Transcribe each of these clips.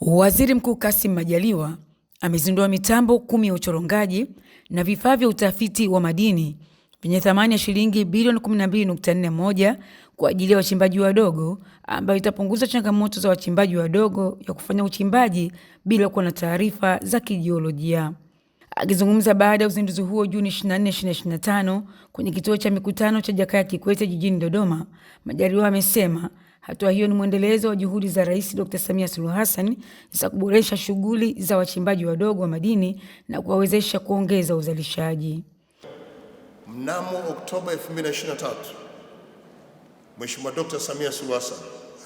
Waziri Mkuu Kassim Majaliwa amezindua mitambo kumi ya uchorongaji na vifaa vya utafiti wa madini vyenye thamani ya shilingi bilioni 12.41 kwa ajili ya wachimbaji wadogo, ambayo itapunguza changamoto za wachimbaji wadogo ya kufanya uchimbaji bila kuwa na taarifa za kijiolojia. Akizungumza baada ya uzinduzi huo Juni 24, 2025 kwenye kituo cha mikutano cha Jakaya Kikwete jijini Dodoma, Majaliwa amesema Hatua hiyo ni mwendelezo wa juhudi za Rais Dr. Samia Suluhu Hassan za kuboresha shughuli za wachimbaji wadogo wa madini na kuwawezesha kuongeza uzalishaji. Mnamo Oktoba 2023, Mheshimiwa Dr. Samia Suluhu Hassan,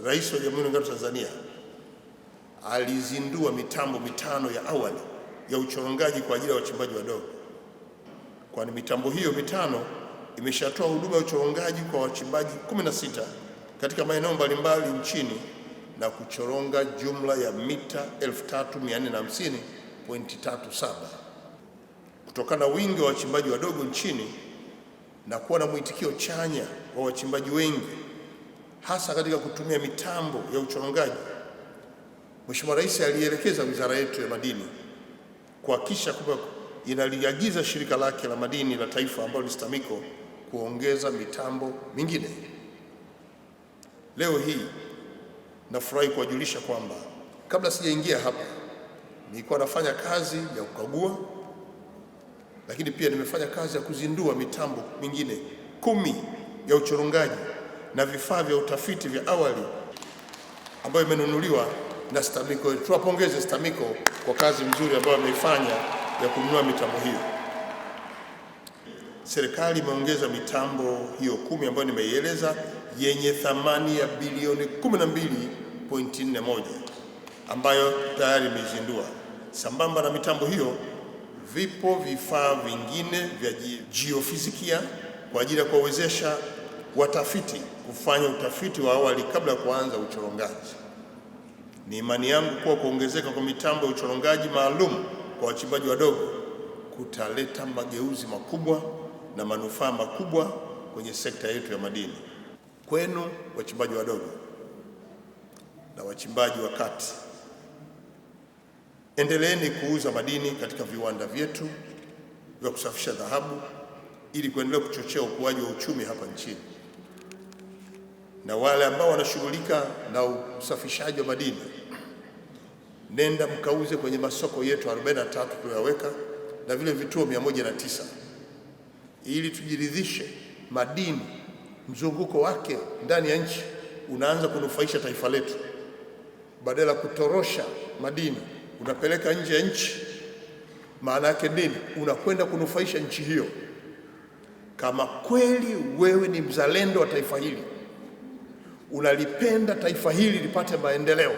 Rais wa Jamhuri ya Muungano wa Tanzania, alizindua mitambo mitano ya awali ya uchorongaji kwa ajili ya wachimbaji wadogo, kwani mitambo hiyo mitano imeshatoa huduma ya uchorongaji kwa wachimbaji 16 katika maeneo mbalimbali nchini na kuchoronga jumla ya mita 3450.37 kutokana na wingi wa wachimbaji wadogo nchini na kuwa na mwitikio chanya wa wachimbaji wengi hasa katika kutumia mitambo ya uchorongaji, Mheshimiwa Rais alielekeza wizara yetu ya madini kuhakikisha kwamba inaliagiza shirika lake la madini la taifa ambalo ni STAMICO kuongeza mitambo mingine. Leo hii nafurahi kuwajulisha kwamba kabla sijaingia hapa nilikuwa nafanya kazi ya kukagua, lakini pia nimefanya kazi ya kuzindua mitambo mingine kumi ya uchorongaji na vifaa vya utafiti vya awali ambayo imenunuliwa na STAMICO. Tuwapongeze STAMICO kwa kazi nzuri ambayo wameifanya ya kununua mitambo hiyo. Serikali imeongeza mitambo hiyo kumi ambayo nimeieleza yenye thamani ya bilioni 12.41 ambayo tayari imezindua Sambamba na mitambo hiyo, vipo vifaa vingine vya jiofizikia kwa ajili ya kuwawezesha watafiti kufanya utafiti wa awali kabla ya kuanza uchorongaji. Ni imani yangu kuwa kuongezeka kwa mitambo ya uchorongaji maalum kwa wachimbaji wadogo kutaleta mageuzi makubwa na manufaa makubwa kwenye sekta yetu ya madini kwenu wachimbaji wadogo na wachimbaji wa kati, endeleeni kuuza madini katika viwanda vyetu vya kusafisha dhahabu ili kuendelea kuchochea ukuaji wa uchumi hapa nchini. Na wale ambao wanashughulika na usafishaji wa madini, nenda mkauze kwenye masoko yetu 43 tuliyoweka na vile vituo 109 ili tujiridhishe madini mzunguko wake ndani ya nchi unaanza kunufaisha taifa letu, badala ya kutorosha madini unapeleka nje ya nchi. Maana yake nini? Unakwenda kunufaisha nchi hiyo. Kama kweli wewe ni mzalendo wa taifa hili, unalipenda taifa hili lipate maendeleo,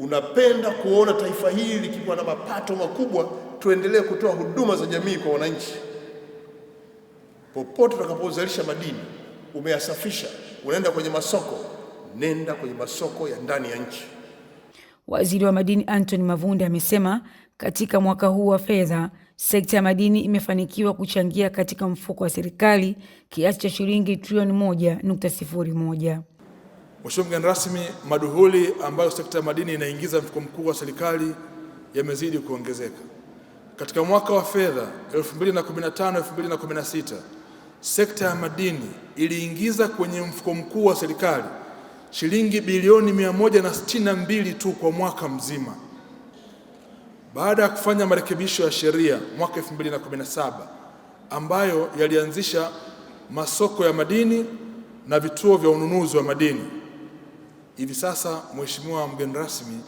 unapenda kuona taifa hili likiwa na mapato makubwa, tuendelee kutoa huduma za jamii kwa wananchi Popote utakapozalisha madini umeyasafisha, unaenda kwenye masoko, nenda kwenye masoko ya ndani ya nchi. Waziri wa madini Anthony Mavunde amesema katika mwaka huu wa fedha sekta ya madini imefanikiwa kuchangia katika mfuko wa serikali kiasi cha shilingi trilioni moja. Mheshimiwa mgeni rasmi, maduhuli ambayo sekta ya madini inaingiza mfuko mkuu wa serikali yamezidi kuongezeka katika mwaka wa fedha 2015/2016 sekta ya madini iliingiza kwenye mfuko mkuu wa serikali shilingi bilioni mbili tu kwa mwaka mzima. Baada ya kufanya marekebisho ya sheria mwaka 2017 ambayo yalianzisha masoko ya madini na vituo vya ununuzi wa madini, hivi sasa, Mheshimiwa mgeni rasmi,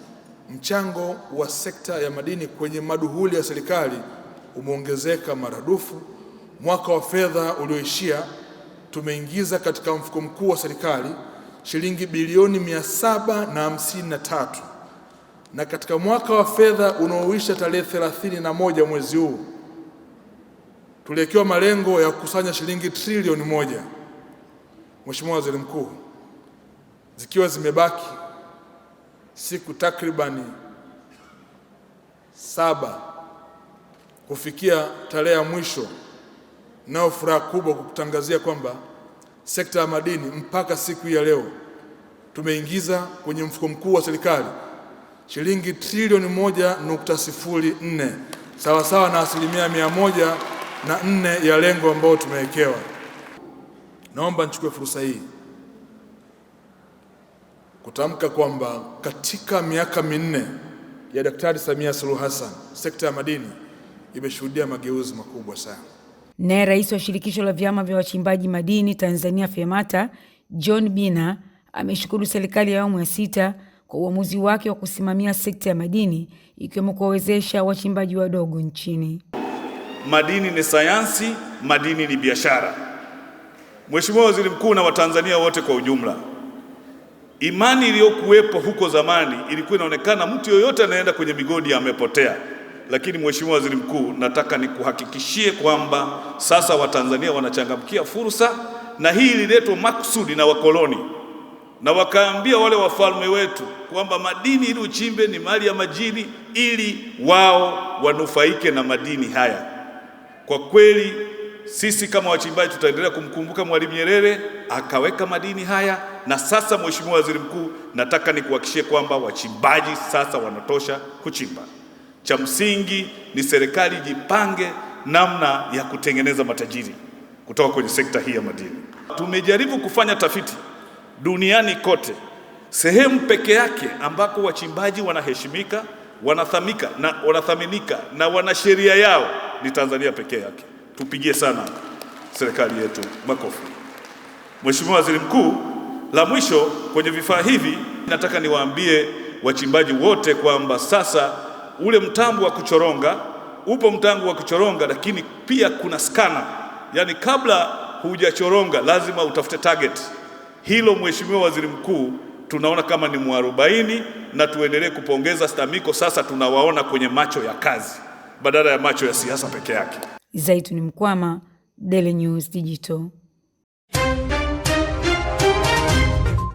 mchango wa sekta ya madini kwenye maduhuli ya serikali umeongezeka maradufu mwaka wa fedha ulioishia tumeingiza katika mfuko mkuu wa serikali shilingi bilioni 753 na katika mwaka wa fedha unaoisha tarehe 31 mwezi huu tuliwekewa malengo ya kukusanya shilingi trilioni moja. Mheshimiwa Waziri Mkuu, zikiwa zimebaki siku takribani saba kufikia tarehe ya mwisho nao furaha kubwa kukutangazia kwamba sekta ya madini mpaka siku ya leo tumeingiza kwenye mfuko mkuu wa serikali shilingi trilioni moja nukta sifuri nne sawa sawa na asilimia mia moja na nne ya lengo ambayo tumewekewa. Naomba nichukue fursa hii kutamka kwamba katika miaka minne ya Daktari Samia Suluhu Hassan sekta ya madini imeshuhudia mageuzi makubwa sana. Naye rais wa shirikisho la vyama vya wachimbaji madini Tanzania FEMATA John Bina ameshukuru serikali ya awamu ya sita kwa uamuzi wake wa kusimamia sekta ya madini ikiwemo kuwawezesha wachimbaji wadogo nchini. Madini ni sayansi, madini ni biashara. Mheshimiwa Waziri Mkuu na Watanzania wote kwa ujumla, imani iliyokuwepo huko zamani ilikuwa inaonekana mtu yoyote anaenda kwenye migodi amepotea. Lakini Mheshimiwa Waziri Mkuu, nataka nikuhakikishie kwamba sasa Watanzania wanachangamkia fursa, na hii ililetwa maksudi na wakoloni, na wakaambia wale wafalme wetu kwamba madini ili uchimbe ni mali ya majini, ili wao wanufaike na madini haya. Kwa kweli sisi kama wachimbaji tutaendelea kumkumbuka Mwalimu Nyerere akaweka madini haya, na sasa Mheshimiwa Waziri Mkuu, nataka nikuhakikishie kwamba wachimbaji sasa wanatosha kuchimba. Cha msingi ni serikali jipange namna ya kutengeneza matajiri kutoka kwenye sekta hii ya madini. Tumejaribu kufanya tafiti duniani kote, sehemu peke yake ambako wachimbaji wanaheshimika, wanathamika na wanathaminika na wana sheria yao ni Tanzania peke yake. Tupigie sana serikali yetu makofi. Mheshimiwa Waziri Mkuu, la mwisho kwenye vifaa hivi, nataka niwaambie wachimbaji wote kwamba sasa ule mtambo wa kuchoronga upo mtambo wa kuchoronga, lakini pia kuna skana, yaani kabla hujachoronga lazima utafute target. Hilo Mheshimiwa Waziri Mkuu, tunaona kama ni mwarobaini, na tuendelee kupongeza STAMIKO. Sasa tunawaona kwenye macho ya kazi badala ya macho ya siasa peke yake. Zaituni Mkwama, Daily News Digital.